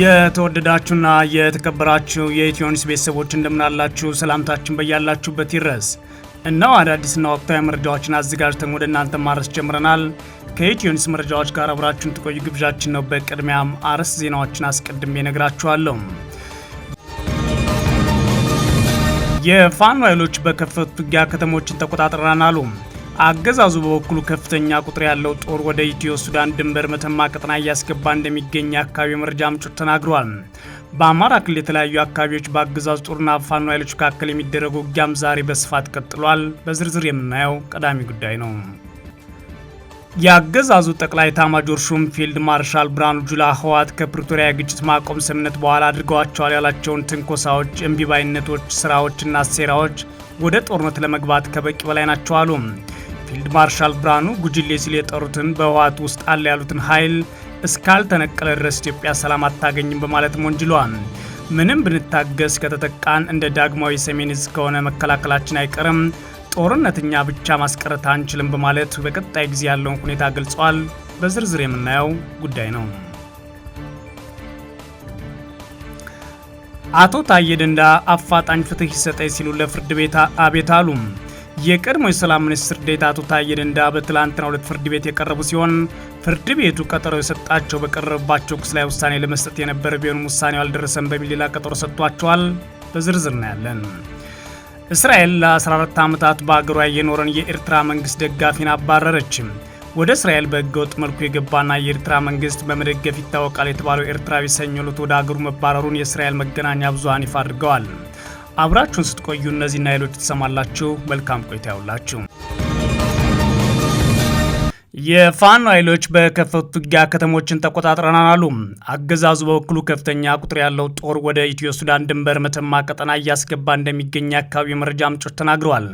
የተወደዳችሁና የተከበራችሁ የኢትዮኒስ ቤተሰቦች እንደምናላችሁ ሰላምታችን በያላችሁበት ይድረስ። እነው አዳዲስና ወቅታዊ መረጃዎችን አዘጋጅተን ወደ እናንተ ማድረስ ጀምረናል። ከኢትዮኒስ መረጃዎች ጋር አብራችሁን ትቆዩ ግብዣችን ነው። በቅድሚያም አርዕስተ ዜናዎችን አስቀድሜ እነግራችኋለሁ። የፋኖ ኃይሎች በከፈቱት ውጊያ ከተሞችን ተቆጣጥረናል አሉ። አገዛዙ በበኩሉ ከፍተኛ ቁጥር ያለው ጦር ወደ ኢትዮ ሱዳን ድንበር መተማ ቀጠና እያስገባ እንደሚገኝ የአካባቢ መረጃ ምንጮች ተናግረዋል። በአማራ ክልል የተለያዩ አካባቢዎች በአገዛዙ ጦርና ፋኖ ኃይሎች መካከል የሚደረገው ውጊያም ዛሬ በስፋት ቀጥሏል። በዝርዝር የምናየው ቀዳሚ ጉዳይ ነው። የአገዛዙ ጠቅላይ ታማጆር ሹም ፊልድ ማርሻል ብርሃኑ ጁላ ህወሓት ከፕሪቶሪያ የግጭት ማቆም ስምምነት በኋላ አድርገዋቸዋል ያላቸውን ትንኮሳዎች፣ እምቢባይነቶች፣ ስራዎችና ሴራዎች ወደ ጦርነት ለመግባት ከበቂ በላይ ናቸው አሉ። ፊልድ ማርሻል ብርሃኑ ጉጅሌ ሲል የጠሩትን በህወሓት ውስጥ አለ ያሉትን ኃይል እስካልተነቀለ ድረስ ኢትዮጵያ ሰላም አታገኝም በማለትም ወንጅሏል። ምንም ብንታገስ ከተጠቃን እንደ ዳግማዊ ሰሜን ዕዝ ከሆነ መከላከላችን አይቀርም፣ ጦርነትኛ ብቻ ማስቀረት አንችልም በማለት በቀጣይ ጊዜ ያለውን ሁኔታ ገልጿል። በዝርዝር የምናየው ጉዳይ ነው። አቶ ታዬ ደንዳ አፋጣኝ ፍትህ ይሰጠኝ ሲሉ ለፍርድ ቤት አቤት አሉ። የቀድሞ የሰላም ሚኒስትር ዴኤታ አቶ ታዬ ደንዳ በትላንትናው ዕለት ፍርድ ቤት የቀረቡ ሲሆን ፍርድ ቤቱ ቀጠሮ የሰጣቸው በቀረበባቸው ክስ ላይ ውሳኔ ለመስጠት የነበረ ቢሆንም ውሳኔው አልደረሰም በሚል ሌላ ቀጠሮ ሰጥቷቸዋል። በዝርዝር እናያለን። እስራኤል ለ14 ዓመታት በአገሯ የኖረን የኤርትራ መንግስት ደጋፊን አባረረችም። ወደ እስራኤል በህገወጥ መልኩ የገባና የኤርትራ መንግስት በመደገፍ ይታወቃል የተባለው ኤርትራዊ ሰኞ ዕለት ወደ አገሩ መባረሩን የእስራኤል መገናኛ ብዙሃን ይፋ አድርገዋል። አብራችሁን ስትቆዩ እነዚህና ሌሎች ትሰማላችሁ። መልካም ቆይታ ያውላችሁ። የፋኖ ኃይሎች በከፈቱት ውጊያ ከተሞችን ተቆጣጥረናል አሉ። አገዛዙ በበኩሉ ከፍተኛ ቁጥር ያለው ጦር ወደ ኢትዮ ሱዳን ድንበር መተማ ቀጠና እያስገባ እንደሚገኝ የአካባቢ መረጃ ምንጮች ተናግረዋል።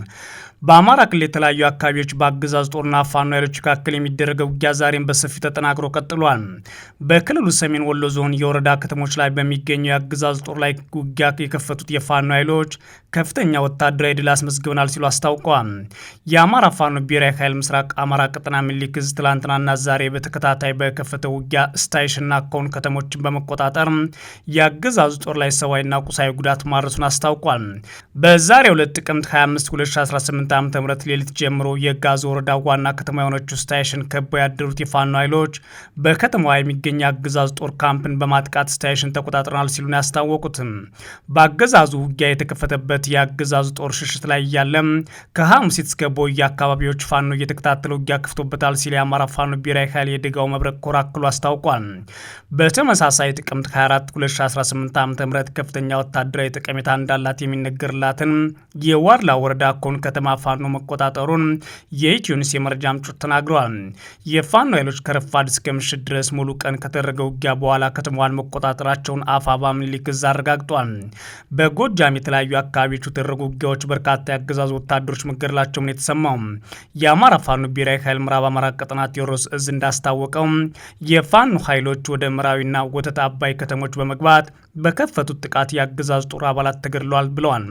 በአማራ ክልል የተለያዩ አካባቢዎች በአገዛዝ ጦርና ፋኖ ኃይሎች መካከል የሚደረገው ውጊያ ዛሬም በሰፊው ተጠናክሮ ቀጥሏል። በክልሉ ሰሜን ወሎ ዞን የወረዳ ከተሞች ላይ በሚገኘው የአገዛዝ ጦር ላይ ውጊያ የከፈቱት የፋኖ ኃይሎች ከፍተኛ ወታደራዊ ድል አስመዝግበናል ሲሉ አስታውቀዋል። የአማራ ፋኖ ብሔራዊ ኃይል ምስራቅ አማራ ቀጠና ምኒልክ ትላንትናና ዛሬ በተከታታይ በከፈተው ውጊያ ስታይሽና ኮን ከተሞችን በመቆጣጠር የአገዛዙ ጦር ላይ ሰብአዊና ቁሳዊ ጉዳት ማድረሱን አስታውቋል። በዛሬ ሁለት ጥቅምት 25 2018 2018 ዓ ም ሌሊት ጀምሮ የጋዝ ወረዳ ዋና ከተማ የሆነችው ስታይሽን ከበው ያደሩት የፋኖ ኃይሎች በከተማዋ የሚገኝ አገዛዝ ጦር ካምፕን በማጥቃት ስታይሽን ተቆጣጥረናል ሲሉ ነው ያስታወቁትም። በአገዛዙ ውጊያ የተከፈተበት የአገዛዙ ጦር ሽሽት ላይ እያለም ከሐሙሲት እስከ ቦያ አካባቢዎች ፋኖ እየተከታተለ ውጊያ ከፍቶበታል ሲል የአማራ ፋኖ ብሔራዊ ኃይል የደጋው መብረቅ ኮር አክሎ አስታውቋል። በተመሳሳይ ጥቅምት 24 2018 ዓ ም ከፍተኛ ወታደራዊ ጠቀሜታ እንዳላት የሚነገርላትን የዋርላ ወረዳ ኮን ከተማ ፋኖ መቆጣጠሩን የኢትዮኒስ የመረጃ ምንጮች ተናግረዋል። የፋኖ ኃይሎች ከረፋድ እስከ ምሽት ድረስ ሙሉ ቀን ከተደረገ ውጊያ በኋላ ከተማዋን መቆጣጠራቸውን አፋባ ምኒልክ እዝ አረጋግጧል። በጎጃም የተለያዩ አካባቢዎች የተደረጉ ውጊያዎች በርካታ የአገዛዙ ወታደሮች መገደላቸውን የተሰማው የአማራ ፋኖ ብሔራዊ ኃይል ምዕራብ አማራ ቀጠና ቴዎድሮስ እዝ እንዳስታወቀው የፋኖ ኃይሎች ወደ ምዕራዊና ወተት አባይ ከተሞች በመግባት በከፈቱት ጥቃት የአገዛዙ ጦር አባላት ተገድለዋል ብለዋል።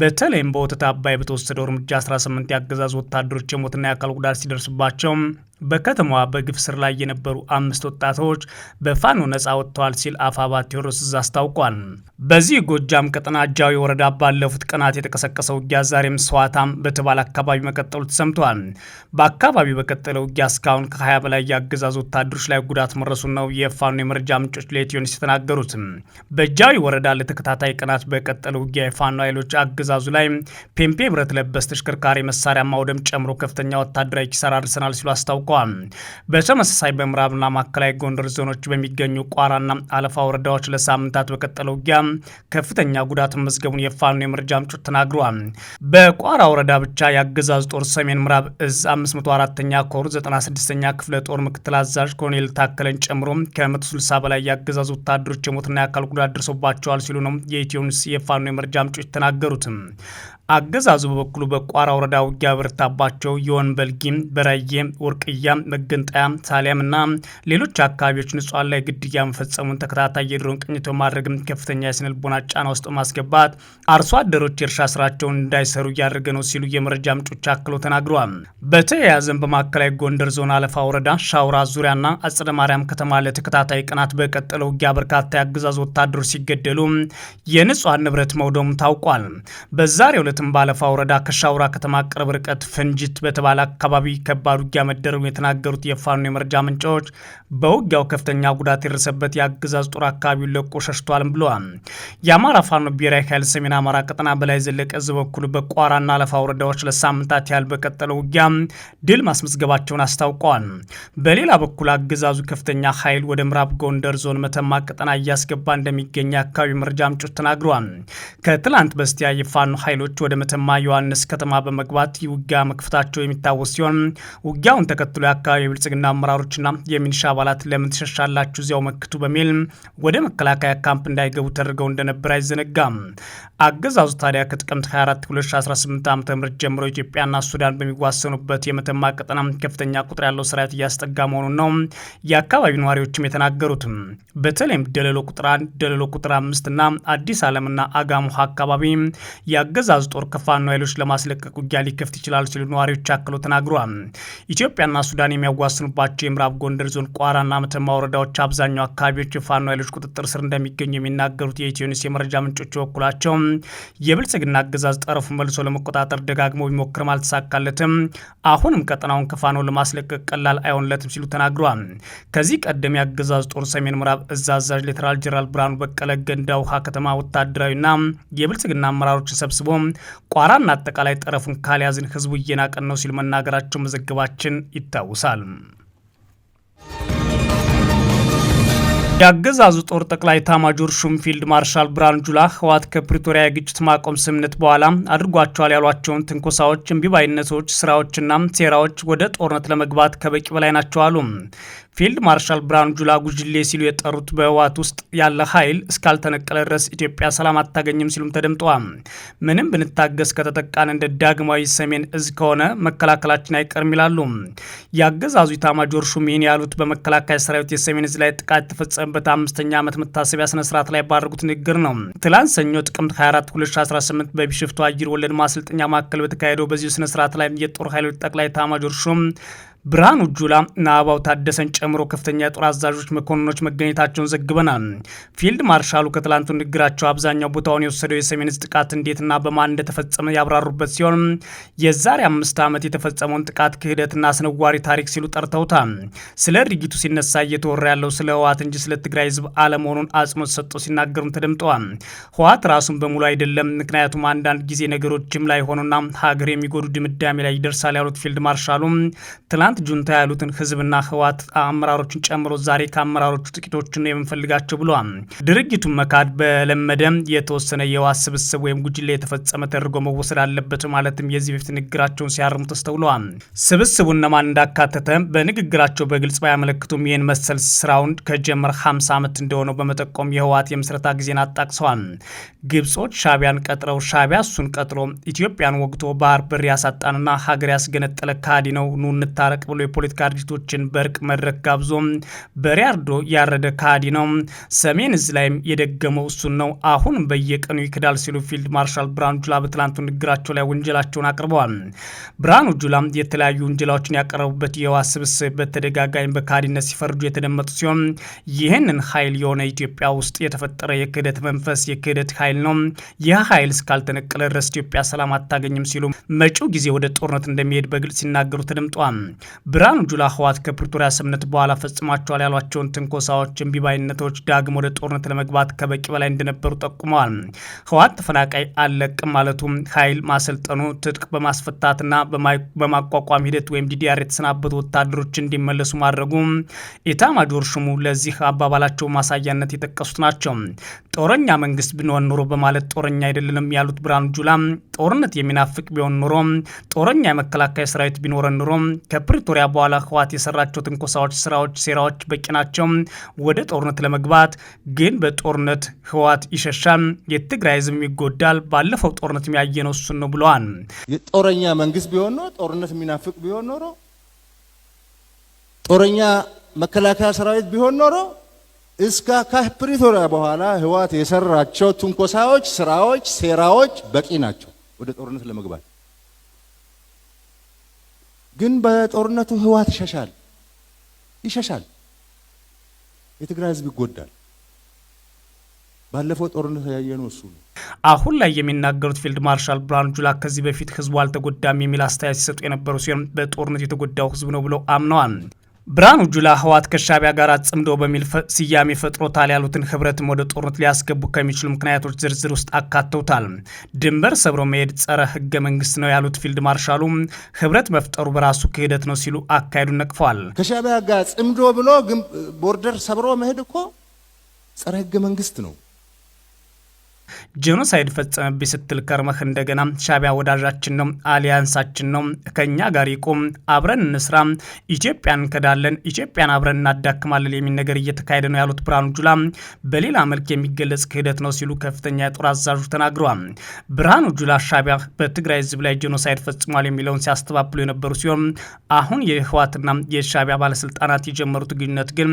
በተለይም በወተት አባይ በተወሰደው እርምጃ 18 የአገዛዝ ወታደሮች የሞትና የአካል ጉዳት ሲደርስባቸው በከተማዋ በግፍ ስር ላይ የነበሩ አምስት ወጣቶች በፋኖ ነፃ ወጥተዋል ሲል አፋባ ቴዎድሮስ እዝ አስታውቋል። በዚህ ጎጃም ቀጠና እጃዊ ወረዳ ባለፉት ቀናት የተቀሰቀሰው ውጊያ ዛሬም ሰዋታም በተባለ አካባቢ መቀጠሉ ተሰምቷል። በአካባቢው በቀጠለው ውጊያ እስካሁን ከ20 በላይ የአገዛዝ ወታደሮች ላይ ጉዳት መረሱ ነው የፋኖ የመረጃ ምንጮች ለኢትዮኒስ የተናገሩት። በእጃዊ ወረዳ ለተከታታይ ቀናት በቀጠለው ውጊያ የፋኖ ኃይሎች አገዛዙ ላይ ፔምፔ ብረት ለበስ ተሽከርካሪ መሳሪያ ማውደም ጨምሮ ከፍተኛ ወታደራዊ ኪሳራ አድርሰናል ሲሉ አስታውቋል። አስታውቋል። በተመሳሳይ በምዕራብና ማዕከላዊ ጎንደር ዞኖች በሚገኙ ቋራና አለፋ ወረዳዎች ለሳምንታት በቀጠለው ውጊያ ከፍተኛ ጉዳት መዝገቡን የፋኖ የመረጃ ምንጮች ተናግረዋል። በቋራ ወረዳ ብቻ የአገዛዙ ጦር ሰሜን ምዕራብ እዝ 54 ኛ ኮር 96ኛ ክፍለ ጦር ምክትል አዛዥ ኮሎኔል ታከለን ጨምሮ ከ160 በላይ የአገዛዙ ወታደሮች የሞትና የአካል ጉዳት ደርሶባቸዋል ሲሉ ነው የኢትዮንስ የፋኖ የመረጃ ምንጮች ተናገሩትም። አገዛዙ በበኩሉ በቋራ ወረዳ ውጊያ በረታባቸው የወንበልጊም፣ በራዬ፣ ወርቅያ፣ መገንጠያ፣ እና ሌሎች አካባቢዎች ንጹሐን ላይ ግድያ መፈጸሙን ተከታታይ የድሮን ቅኝቶ ማድረግም ከፍተኛ የስነልቦና ጫና ውስጥ በማስገባት አርሶ አደሮች የእርሻ ስራቸውን እንዳይሰሩ እያደረገ ነው ሲሉ የመረጃ ምንጮች አክለው ተናግረዋል። በተያያዘም በማዕከላዊ ጎንደር ዞን አለፋ ወረዳ ሻውራ ዙሪያና አጽደ ማርያም ከተማ ለተከታታይ ቀናት በቀጠለ ውጊያ በርካታ የአገዛዙ ወታደሮች ሲገደሉ የንጹሐን ንብረት መውደሙ ታውቋል። በዛሬ ሁለት ትናንትም በአለፋ ወረዳ ከሻውራ ከተማ ቅርብ ርቀት ፍንጅት በተባለ አካባቢ ከባድ ውጊያ መደረጉን የተናገሩት የፋኖ የመረጃ ምንጮች በውጊያው ከፍተኛ ጉዳት የደረሰበት የአገዛዝ ጦር አካባቢውን ለቆ ሸሽቷልም ብለዋል። የአማራ ፋኖ ብሔራዊ ኃይል ሰሜን አማራ ቀጠና በላይ ዘለቀ ዕዝ በኩል በቋራና አለፋ ወረዳዎች ለሳምንታት ያህል በቀጠለው ውጊያ ድል ማስመዝገባቸውን አስታውቀዋል። በሌላ በኩል አገዛዙ ከፍተኛ ኃይል ወደ ምዕራብ ጎንደር ዞን መተማ ቀጠና እያስገባ እንደሚገኝ የአካባቢ መረጃ ምንጮች ተናግረዋል። ከትላንት በስቲያ የፋኖ ኃይሎች ወደ ወደ መተማ ዮሐንስ ከተማ በመግባት ውጊያ መክፈታቸው የሚታወስ ሲሆን ውጊያውን ተከትሎ የአካባቢ የብልጽግና አመራሮችና የሚኒሻ አባላት ለምን ትሸሻላችሁ እዚያው መክቱ በሚል ወደ መከላከያ ካምፕ እንዳይገቡ ተደርገው እንደነበር አይዘነጋም። አገዛዙ ታዲያ ከጥቅምት 24 2018 ዓ ም ጀምሮ ኢትዮጵያና ሱዳን በሚዋሰኑበት የመተማ ቀጠና ከፍተኛ ቁጥር ያለው ሰራዊት እያስጠጋ መሆኑን ነው የአካባቢው ነዋሪዎችም የተናገሩት። በተለይም ደለሎ ቁጥር አንድ፣ ደለሎ ቁጥር አምስትና አዲስ ዓለምና አጋሙሃ አካባቢ የአገዛዙ ጦር ከፋኖ ኃይሎች ለማስለቀቅ ውጊያ ሊከፍት ይችላል ሲሉ ነዋሪዎች አክለው ተናግረዋል። ኢትዮጵያና ሱዳን የሚያዋስኑባቸው የምዕራብ ጎንደር ዞን ቋራና መተማ ወረዳዎች አብዛኛው አካባቢዎች የፋኖ ኃይሎች ቁጥጥር ስር እንደሚገኙ የሚናገሩት የኢትዮኒስ የመረጃ ምንጮች በኩላቸው የብልጽግና አገዛዝ ጠረፉ መልሶ ለመቆጣጠር ደጋግሞ ቢሞክርም አልተሳካለትም፣ አሁንም ቀጠናውን ከፋኖ ለማስለቀቅ ቀላል አይሆንለትም ሲሉ ተናግረዋል። ከዚህ ቀደም የአገዛዝ ጦር ሰሜን ምዕራብ እዝ አዛዥ ሌተናል ጄኔራል ብርሃኑ በቀለ ገንዳ ውሃ ከተማ ወታደራዊና የብልጽግና አመራሮችን ሰብስቦ ቋራና አጠቃላይ ጠረፉን ካልያዝን ህዝቡ እየናቀን ነው ሲል መናገራቸው መዘገባችን ይታወሳል። የአገዛዙ ጦር ጠቅላይ ታማጆር ሹም ፊልድ ማርሻል ብርሃኑ ጁላ ህወሓት ከፕሪቶሪያ የግጭት ማቆም ስምምነት በኋላ አድርጓቸዋል ያሏቸውን ትንኮሳዎች፣ እምቢባይነቶች፣ ስራዎችና ሴራዎች ወደ ጦርነት ለመግባት ከበቂ በላይ ናቸው አሉ። ፊልድ ማርሻል ብርሃኑ ጁላ ጉጅሌ ሲሉ የጠሩት በህወሓት ውስጥ ያለ ኃይል እስካልተነቀለ ድረስ ኢትዮጵያ ሰላም አታገኝም ሲሉም ተደምጠዋል። ምንም ብንታገስ ከተጠቃን እንደ ዳግማዊ ሰሜን እዝ ከሆነ መከላከላችን አይቀርም ይላሉ። የአገዛዙ ኢታማጆር ሹም ይህን ያሉት በመከላከያ ሰራዊት የሰሜን እዝ ላይ ጥቃት የተፈጸመበት አምስተኛ ዓመት መታሰቢያ ስነስርዓት ላይ ባደረጉት ንግግር ነው። ትላንት ሰኞ ጥቅምት 24 2018 በቢሸፍቱ አየር ወለድ ማሰልጠኛ ማዕከል በተካሄደው በዚሁ ስነስርዓት ላይ የጦር ኃይሎች ጠቅላይ ኢታማጆር ሹም ብርሃኑ ጁላ እና አበባው ታደሰን ጨምሮ ከፍተኛ የጦር አዛዦች፣ መኮንኖች መገኘታቸውን ዘግበናል። ፊልድ ማርሻሉ ከትላንቱ ንግግራቸው አብዛኛው ቦታውን የወሰደው የሰሜን ዕዝ ጥቃት እንዴትና በማን እንደተፈጸመ ያብራሩበት ሲሆን የዛሬ አምስት ዓመት የተፈጸመውን ጥቃት ክህደትና አስነዋሪ ታሪክ ሲሉ ጠርተውታል። ስለ ድርጊቱ ሲነሳ እየተወራ ያለው ስለ ህወሓት እንጂ ስለ ትግራይ ህዝብ አለመሆኑን አጽንኦት ሰጥተው ሲናገሩም ተደምጠዋል። ህወሓት ራሱን በሙሉ አይደለም፣ ምክንያቱም አንዳንድ ጊዜ ነገሮች ጅምላ የሆኑና ሀገር የሚጎዱ ድምዳሜ ላይ ይደርሳል ያሉት ፊልድ ማርሻሉ ትላንት ትናንት ጁንታ ያሉትን ህዝብና ህወሓት አመራሮችን ጨምሮ ዛሬ ከአመራሮቹ ጥቂቶችን የምንፈልጋቸው ብለዋል። ድርጅቱን መካድ በለመደ የተወሰነ የህወሓት ስብስብ ወይም ጉጅላ የተፈጸመ ተደርጎ መወሰድ አለበት ማለትም የዚህ በፊት ንግግራቸውን ሲያርሙ ተስተውለዋል። ስብስቡን እነማን እንዳካተተ በንግግራቸው በግልጽ ባያመለክቱም ይህን መሰል ስራውን ከጀመር 50 ዓመት እንደሆነው በመጠቆም የህወሓት የምስረታ ጊዜን አጣቅሰዋል። ግብጾች ሻቢያን ቀጥረው ሻቢያ እሱን ቀጥሎ ኢትዮጵያን ወግቶ ባህር በር ያሳጣንና ሀገር ያስገነጠለ ካዲ ነው ኑ እንታረቅ ራቅ ብሎ የፖለቲካ ድርጅቶችን በእርቅ መድረክ ጋብዞ በሪያርዶ ያረደ ካሃዲ ነው። ሰሜን እዝ ላይም የደገመው እሱን ነው። አሁን በየቀኑ ይክዳል ሲሉ ፊልድ ማርሻል ብርሃኑ ጁላ በትላንቱ ንግግራቸው ላይ ወንጀላቸውን አቅርበዋል። ብርሃኑ ጁላ የተለያዩ ወንጀላዎችን ያቀረቡበት የዋ ስብስብ በተደጋጋሚ በካሃዲነት ሲፈርጁ የተደመጡ ሲሆን ይህንን ኃይል የሆነ ኢትዮጵያ ውስጥ የተፈጠረ የክህደት መንፈስ የክህደት ኃይል ነው። ይህ ኃይል እስካልተነቀለ ድረስ ኢትዮጵያ ሰላም አታገኝም ሲሉ መጪው ጊዜ ወደ ጦርነት እንደሚሄድ በግልጽ ሲናገሩ ተደምጠዋል። ብርሃኑ ጁላ ህወሓት ከፕሪቶሪያ ስምምነት በኋላ ፈጽሟቸዋል ያሏቸውን ትንኮሳዎች፣ እምቢባይነቶች ዳግም ወደ ጦርነት ለመግባት ከበቂ በላይ እንደነበሩ ጠቁመዋል። ህወሓት ተፈናቃይ አለቅም ማለቱም ኃይል ማሰልጠኑ ትጥቅ በማስፈታትና በማቋቋም ሂደት ወይም ዲዲአር የተሰናበቱ ወታደሮች እንዲመለሱ ማድረጉ ኢታማጆር ሹሙ ለዚህ አባባላቸው ማሳያነት የጠቀሱት ናቸው። ጦረኛ መንግስት ብንሆን ኖሮ በማለት ጦረኛ አይደለንም ያሉት ብርሃኑ ጁላ ጦርነት የሚናፍቅ ቢሆን ኖሮ ጦረኛ የመከላከያ ሰራዊት ቢኖረን ኖሮ ከፕሪቶሪያ በኋላ ህወሓት የሰራቸው ትንኮሳዎች፣ ስራዎች፣ ሴራዎች በቂ ናቸው። ወደ ጦርነት ለመግባት ግን በጦርነት ህወሓት ይሸሻል፣ የትግራይ ህዝብም ይጎዳል። ባለፈው ጦርነት የሚያየነው እሱን ነው ብለዋል። የጦረኛ መንግስት ቢሆን ኖሮ ጦርነት የሚናፍቅ ቢሆን ኖሮ ጦረኛ መከላከያ ሰራዊት ቢሆን ኖሮ እስከ ከፕሪቶሪያ በኋላ ህወሓት የሰራቸው ትንኮሳዎች፣ ስራዎች፣ ሴራዎች በቂ ናቸው ወደ ጦርነት ለመግባት ግን በጦርነቱ ህወሓት ይሸሻል ይሸሻል። የትግራይ ህዝብ ይጎዳል። ባለፈው ጦርነት ያየነው እሱ ነው። አሁን ላይ የሚናገሩት ፊልድ ማርሻል ብርሃኑ ጁላ ከዚህ በፊት ህዝቡ አልተጎዳም የሚል አስተያየት ሲሰጡ የነበሩ ሲሆን በጦርነት የተጎዳው ህዝብ ነው ብለው አምነዋል። ብርሃኑ ጁላ ህወሓት ከሻቢያ ጋር አጽምዶ በሚል ስያሜ ፈጥሮታል ያሉትን ህብረትም ወደ ጦርነት ሊያስገቡ ከሚችሉ ምክንያቶች ዝርዝር ውስጥ አካተውታል። ድንበር ሰብሮ መሄድ ጸረ ህገ መንግስት ነው ያሉት ፊልድ ማርሻሉ ህብረት መፍጠሩ በራሱ ክህደት ነው ሲሉ አካሄዱን ነቅፈዋል። ከሻቢያ ጋር ጽምዶ ብሎ ቦርደር ሰብሮ መሄድ እኮ ጸረ ህገ መንግስት ነው። ጄኖሳይድ ፈጸመብኝ ስትል ከርመህ እንደገና ሻቢያ ወዳጃችን ነው፣ አሊያንሳችን ነው፣ ከእኛ ጋር ይቁም፣ አብረን እንስራ፣ ኢትዮጵያን እንከዳለን፣ ኢትዮጵያን አብረን እናዳክማለን የሚል ነገር እየተካሄደ ነው ያሉት ብርሃኑ ጁላ በሌላ መልክ የሚገለጽ ክህደት ነው ሲሉ ከፍተኛ የጦር አዛዡ ተናግረዋል። ብርሃኑ ጁላ ሻቢያ በትግራይ ህዝብ ላይ ጄኖሳይድ ፈጽሟል የሚለውን ሲያስተባብሉ የነበሩ ሲሆን አሁን የህወሓትና የሻቢያ ባለስልጣናት የጀመሩት ግንኙነት ግን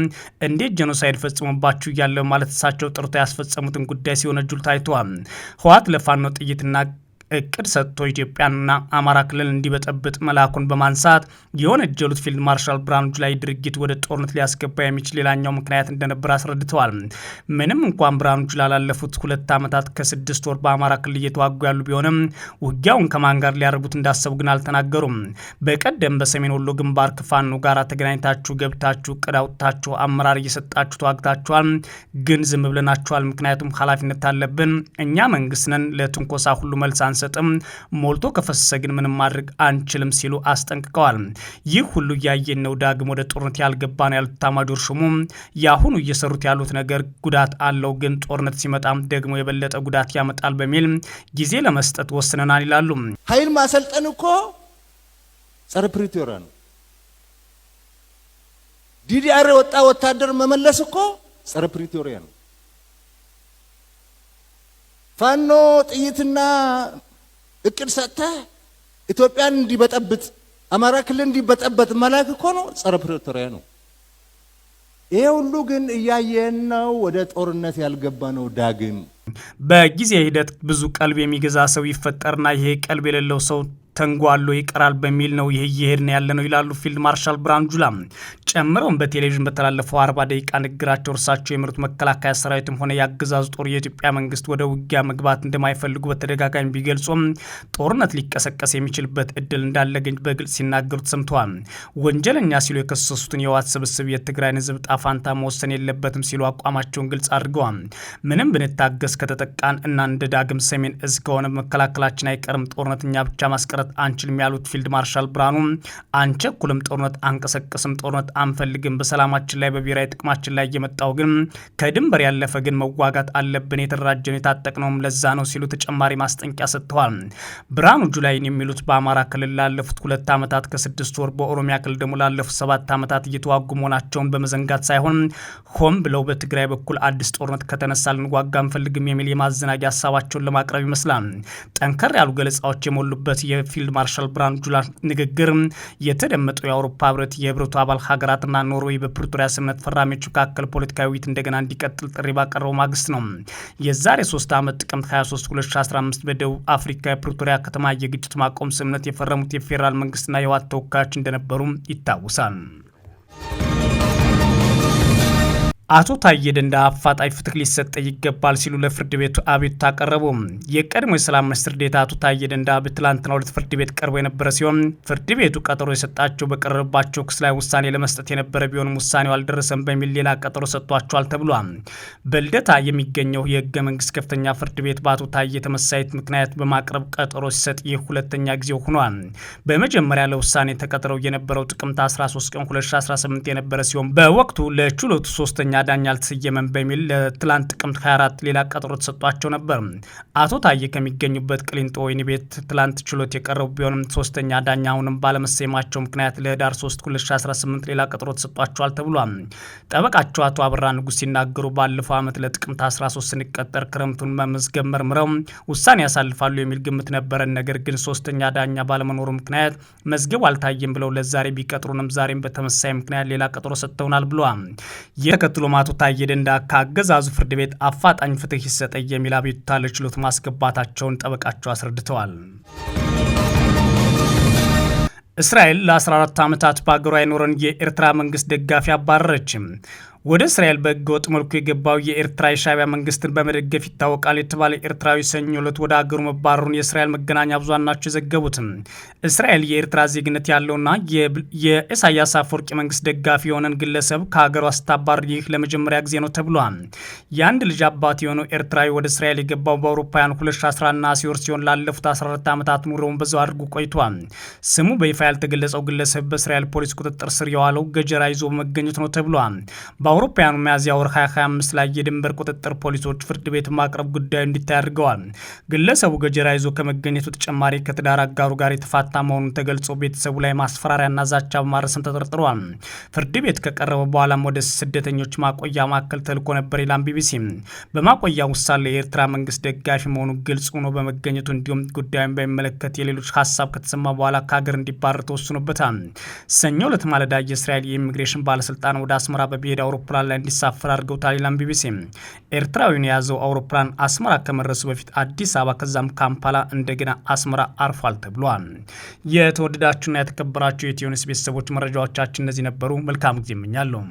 እንዴት ጄኖሳይድ ፈጽሞባችሁ እያለ ማለት እሳቸው ጥርቶ ያስፈጸሙትን ጉዳይ ሲሆን ጁል ታይቶ አመልክቷል። ህወሓት ለፋኖ ጥይትና እቅድ ሰጥቶ ኢትዮጵያና አማራ ክልል እንዲበጠብጥ መላኩን በማንሳት የወነጀሉት ፊልድ ማርሻል ብርሃኑ ጁላ ድርጊት ወደ ጦርነት ሊያስገባ የሚችል ሌላኛው ምክንያት እንደነበር አስረድተዋል። ምንም እንኳን ብርሃኑ ጁላ ላለፉት ሁለት ዓመታት ከስድስት ወር በአማራ ክልል እየተዋጉ ያሉ ቢሆንም ውጊያውን ከማን ጋር ሊያደርጉት እንዳሰቡ ግን አልተናገሩም። በቀደም በሰሜን ወሎ ግንባር ክፋኑ ጋር ተገናኝታችሁ ገብታችሁ እቅድ አውጥታችሁ አመራር እየሰጣችሁ ተዋግታችኋል፣ ግን ዝም ብለናችኋል። ምክንያቱም ኃላፊነት አለብን እኛ መንግስት ነን፣ ለትንኮሳ ሁሉ መልስ አንስ አንሰጥም፣ ሞልቶ ከፈሰሰ ግን ምንም ማድረግ አንችልም ሲሉ አስጠንቅቀዋል። ይህ ሁሉ እያየን ነው ዳግም ወደ ጦርነት ያልገባ ነው ያሉት ኤታማዦር ሹሙ የአሁኑ እየሰሩት ያሉት ነገር ጉዳት አለው፣ ግን ጦርነት ሲመጣ ደግሞ የበለጠ ጉዳት ያመጣል በሚል ጊዜ ለመስጠት ወስነናል ይላሉ። ኃይል ማሰልጠን እኮ ጸረ ፕሪቶሪያ ነው። ዲዲአር የወጣ ወታደር መመለስ እኮ ጸረ ፕሪቶሪያ ነው። ፋኖ ጥይትና እቅድ ሰጥተህ ኢትዮጵያን እንዲበጠብጥ አማራ ክልል እንዲበጠበጥ መላክ እኮ ነው፣ ጸረ ፕሪቶሪያ ነው። ይሄ ሁሉ ግን እያየን ነው። ወደ ጦርነት ያልገባ ነው ዳግም በጊዜ ሂደት ብዙ ቀልብ የሚገዛ ሰው ይፈጠርና ይሄ ቀልብ የሌለው ሰው ተንጓሎ ይቀራል በሚል ነው ይህ እየሄድን ያለ ነው ይላሉ ፊልድ ማርሻል ብርሃኑ ጁላ። ጨምረውም በቴሌቪዥን በተላለፈው አርባ ደቂቃ ንግግራቸው እርሳቸው የመሩት መከላከያ ሰራዊትም ሆነ የአገዛዙ ጦር የኢትዮጵያ መንግስት ወደ ውጊያ መግባት እንደማይፈልጉ በተደጋጋሚ ቢገልጹም ጦርነት ሊቀሰቀስ የሚችልበት እድል እንዳለ ግን በግልጽ ሲናገሩ ተሰምተዋል። ወንጀለኛ ሲሉ የከሰሱትን የዋት ስብስብ የትግራይን ህዝብ ጣፋንታ መወሰን የለበትም ሲሉ አቋማቸውን ግልጽ አድርገዋል። ምንም ብንታገስ ከተጠቃን እና እንደ ዳግም ሰሜን እዝ ከሆነ መከላከላችን አይቀርም። ጦርነት እኛ ብቻ ማስቀረት አንችልም ያሉት ፊልድ ማርሻል ብርሃኑ አንቸኩልም፣ ጦርነት አንቀሰቀስም ጦርነት አንፈልግም። በሰላማችን ላይ በብሔራዊ ጥቅማችን ላይ የመጣው ግን ከድንበር ያለፈ ግን መዋጋት አለብን። የተደራጀን የታጠቅነውም ለዛ ነው ሲሉ ተጨማሪ ማስጠንቂያ ሰጥተዋል። ብርሃኑ ጁላይን የሚሉት በአማራ ክልል ላለፉት ሁለት ዓመታት ከስድስት ወር በኦሮሚያ ክልል ደግሞ ላለፉት ሰባት ዓመታት እየተዋጉ መሆናቸውን በመዘንጋት ሳይሆን ሆን ብለው በትግራይ በኩል አዲስ ጦርነት ከተነሳ ልንዋጋ አንፈልግም የሚል የማዘናጊያ ሀሳባቸውን ለማቅረብ ይመስላል። ጠንከር ያሉ ገለጻዎች የሞሉበት የፊልድ ማርሻል ብርሃኑ ጁላ ንግግር የተደመጠው የአውሮፓ ህብረት የህብረቱ አባል ሀገራት ሀገራትና ኖርዌይ በፕሪቶሪያ ስምምነት ፈራሚዎች መካከል ፖለቲካዊ ውይይት እንደገና እንዲቀጥል ጥሪ ባቀረበው ማግስት ነው። የዛሬ 3 ዓመት ጥቅምት 23 2015 በደቡብ አፍሪካ የፕሪቶሪያ ከተማ የግጭት ማቆም ስምምነት የፈረሙት የፌዴራል መንግስትና የህወሓት ተወካዮች እንደነበሩም ይታወሳል። አቶ ታዬ ደንደአ አፋጣኝ ፍትህ ሊሰጠ ይገባል ሲሉ ለፍርድ ቤቱ አቤቱታ አቀረቡ። የቀድሞ የሰላም ሚኒስትር ዴታ አቶ ታዬ ደንደአ በትላንትናው ዕለት ፍርድ ቤት ቀርቦ የነበረ ሲሆን ፍርድ ቤቱ ቀጠሮ የሰጣቸው በቀረበባቸው ክስ ላይ ውሳኔ ለመስጠት የነበረ ቢሆንም ውሳኔው አልደረሰም በሚል ሌላ ቀጠሮ ሰጥቷቸዋል ተብሏል። በልደታ የሚገኘው የህገ መንግስት ከፍተኛ ፍርድ ቤት በአቶ ታዬ ተመሳሳይነት ምክንያት በማቅረብ ቀጠሮ ሲሰጥ ይህ ሁለተኛ ጊዜው ሆኗል። በመጀመሪያ ለውሳኔ ተቀጥረው የነበረው ጥቅምት 13 ቀን 2018 የነበረ ሲሆን በወቅቱ ለችሎቱ ሶስተኛ ዳኛ አልተሰየመም በሚል ለትላንት ጥቅምት 24 ሌላ ቀጠሮ ተሰጧቸው ነበር። አቶ ታዬ ከሚገኙበት ቅሊንጦ ወህኒ ቤት ትላንት ችሎት የቀረቡ ቢሆንም ሶስተኛ ዳኛ አሁንም ባለመሰየማቸው ምክንያት ለህዳር 3 2018 ሌላ ቀጠሮ ተሰጧቸዋል ተብሏል። ጠበቃቸው አቶ አብራ ንጉስ ሲናገሩ ባለፈው ዓመት ለጥቅምት 13 ስንቀጠር ክረምቱን መመዝገብ መርምረው ውሳኔ ያሳልፋሉ የሚል ግምት ነበረን። ነገር ግን ሶስተኛ ዳኛ ባለመኖሩ ምክንያት መዝገቡ አልታየም ብለው ለዛሬ ቢቀጥሩንም ዛሬም በተመሳሳይ ምክንያት ሌላ ቀጠሮ ሰጥተውናል ይህ ተከትሎ ብሎም አቶ ታዬ ደንዳ ከአገዛዙ ፍርድ ቤት አፋጣኝ ፍትህ ይሰጠ የሚል አቤቱታ ለችሎት ማስገባታቸውን ጠበቃቸው አስረድተዋል። እስራኤል ለ14 ዓመታት በአገሯ የኖረን የኤርትራ መንግስት ደጋፊ አባረረችም። ወደ እስራኤል በህገወጥ መልኩ የገባው የኤርትራ የሻቢያ መንግስትን በመደገፍ ይታወቃል የተባለ ኤርትራዊ ሰኞ ዕለት ወደ አገሩ መባረሩን የእስራኤል መገናኛ ብዙሃን ናቸው የዘገቡትም። እስራኤል የኤርትራ ዜግነት ያለውና የኢሳያስ አፈወርቂ መንግስት ደጋፊ የሆነን ግለሰብ ከሀገሩ አስታባር ይህ ለመጀመሪያ ጊዜ ነው ተብሏል። የአንድ ልጅ አባት የሆነው ኤርትራዊ ወደ እስራኤል የገባው በአውሮፓውያን 2011 ነሐሴ ሲሆን ላለፉት 14 ዓመታት ኑሮውን በዛው አድርጎ ቆይቷል። ስሙ በይፋ ያልተገለጸው ግለሰብ በእስራኤል ፖሊስ ቁጥጥር ስር የዋለው ገጀራ ይዞ በመገኘት ነው ተብሏል። በአውሮፓውያኑ ሚያዝያ ወር 2025 ላይ የድንበር ቁጥጥር ፖሊሶች ፍርድ ቤት ማቅረብ ጉዳዩ እንዲታይ አድርገዋል። ግለሰቡ ገጀራ ይዞ ከመገኘቱ ተጨማሪ ከትዳር አጋሩ ጋር የተፋታ መሆኑን ተገልጾ ቤተሰቡ ላይ ማስፈራሪያና ዛቻ በማድረስም ተጠርጥሯል። ፍርድ ቤት ከቀረበ በኋላም ወደ ስደተኞች ማቆያ ማዕከል ተልኮ ነበር ይላም ቢቢሲ። በማቆያ ውሳሌ የኤርትራ መንግስት ደጋፊ መሆኑ ግልጽ ሆኖ በመገኘቱ እንዲሁም ጉዳዩን በሚመለከት የሌሎች ሀሳብ ከተሰማ በኋላ ከሀገር እንዲባረር ተወስኖበታል። ሰኞ ዕለት ማለዳ የእስራኤል የኢሚግሬሽን ባለስልጣን ወደ አስመራ በብሄድ አውሮ አውሮፕላን ላይ እንዲሳፈር አድርገውታል ይላል ቢቢሲ። ኤርትራዊውን የያዘው አውሮፕላን አስመራ ከመድረሱ በፊት አዲስ አበባ ከዛም ካምፓላ እንደገና አስመራ አርፏል ተብሏል። የተወደዳችሁና የተከበራችሁ የኢትዮኒውስ ቤተሰቦች መረጃዎቻችን እነዚህ ነበሩ። መልካም ጊዜ እመኛለሁ።